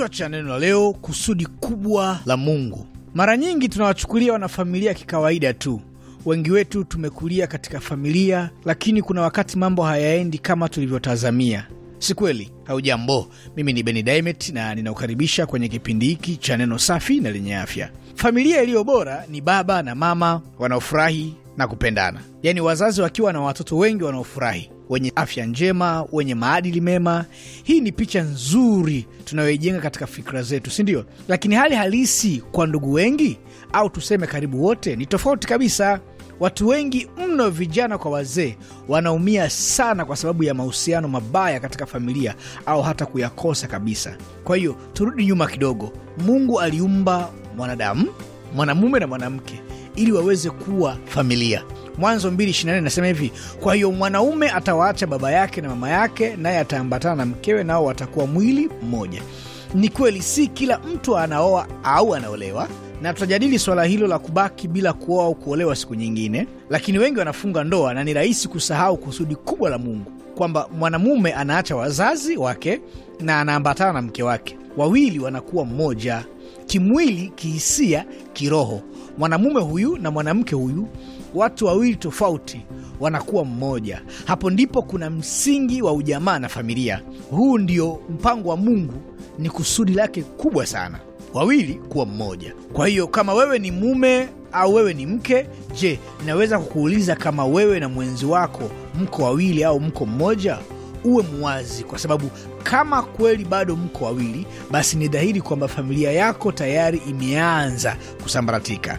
Kichwa cha neno la leo: kusudi kubwa la Mungu. Mara nyingi tunawachukulia wanafamilia kikawaida tu. Wengi wetu tumekulia katika familia, lakini kuna wakati mambo hayaendi kama tulivyotazamia, si kweli? Haujambo, mimi ni Beni Dimet na ninakukaribisha kwenye kipindi hiki cha neno safi na lenye afya. Familia iliyo bora ni baba na mama wanaofurahi na kupendana, yaani wazazi wakiwa na watoto wengi wanaofurahi wenye afya njema, wenye maadili mema. Hii ni picha nzuri tunayoijenga katika fikra zetu, si ndio? Lakini hali halisi kwa ndugu wengi au tuseme karibu wote ni tofauti kabisa. Watu wengi mno, vijana kwa wazee, wanaumia sana kwa sababu ya mahusiano mabaya katika familia au hata kuyakosa kabisa. Kwa hiyo turudi nyuma kidogo. Mungu aliumba mwanadamu, mwanamume na mwanamke, ili waweze kuwa familia. Mwanzo 2 inasema hivi, kwa hiyo mwanaume atawaacha baba yake na mama yake, naye ataambatana na mkewe, nao watakuwa mwili mmoja. Ni kweli, si kila mtu anaoa au anaolewa, na tutajadili swala hilo la kubaki bila kuoa au kuolewa siku nyingine, lakini wengi wanafunga ndoa na ni rahisi kusahau kusudi kubwa la Mungu kwamba mwanamume anaacha wazazi wake na anaambatana na mke wake, wawili wanakuwa mmoja kimwili, kihisia, kiroho. Mwanamume huyu na mwanamke huyu watu wawili tofauti wanakuwa mmoja. Hapo ndipo kuna msingi wa ujamaa na familia. Huu ndio mpango wa Mungu, ni kusudi lake kubwa sana, wawili kuwa mmoja. Kwa hiyo kama wewe ni mume au wewe ni mke, je, naweza kukuuliza kama wewe na mwenzi wako mko wawili au mko mmoja? Uwe mwazi, kwa sababu kama kweli bado mko wawili, basi ni dhahiri kwamba familia yako tayari imeanza kusambaratika